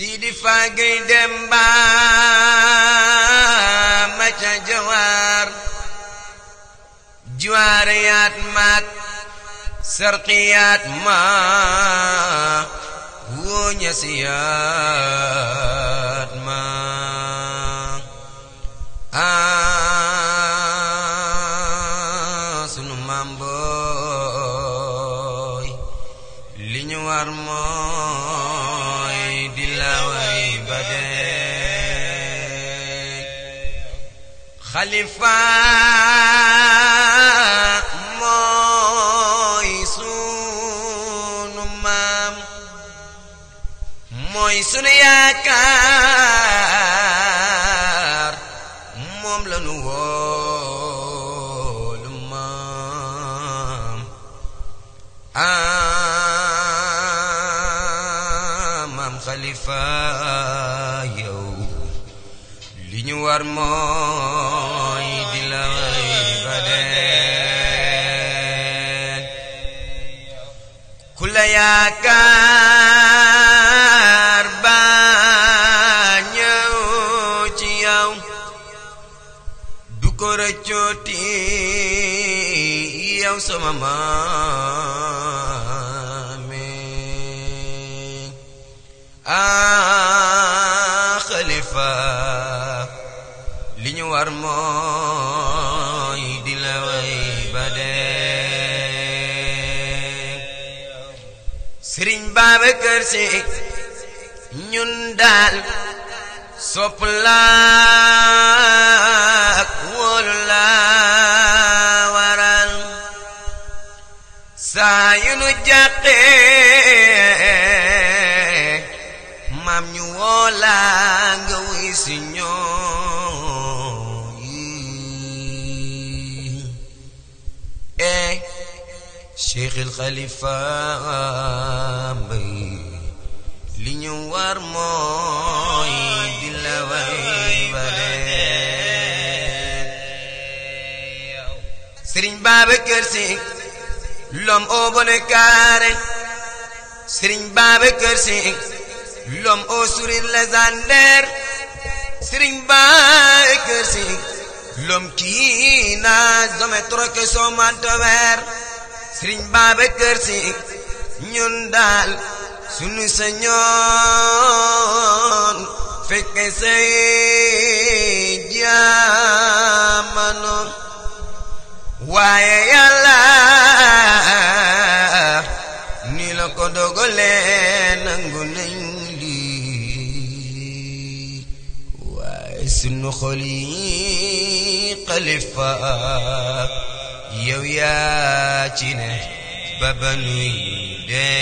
siidi faa gay dem baa ma ca jawaar juwaariyaat maat sarqiyaat maa wóoñasiyaat maa aa ah, maam booy li ñu xalifa mooy sunu maam moom la nu wóolu maam ah xalifa li ñu war mooy di la ba dee ku la yaakaar ba ñëw ci yow du ko rëccooti yow sama maam li ñu war mooy di la way ba dee sëriñ Babacar Si ñun daal sopp laa wóolu laa waral saa yu nu jàqee شيخ الخليفة بي لنوار موي سرين باب كرسي لوم او بنكاري سرين باب كرسي لوم او سوري لزانير سرين باب كرسي لوم كينا زومترك سومان تبير sëriñ Babacar Si ñun daal sunu sañoon fekk say jaamano waaye yàlla ni la ko dogalee nangu nañ lii waaye sunu xol yi yow yaa ci ne ba ba nuy dee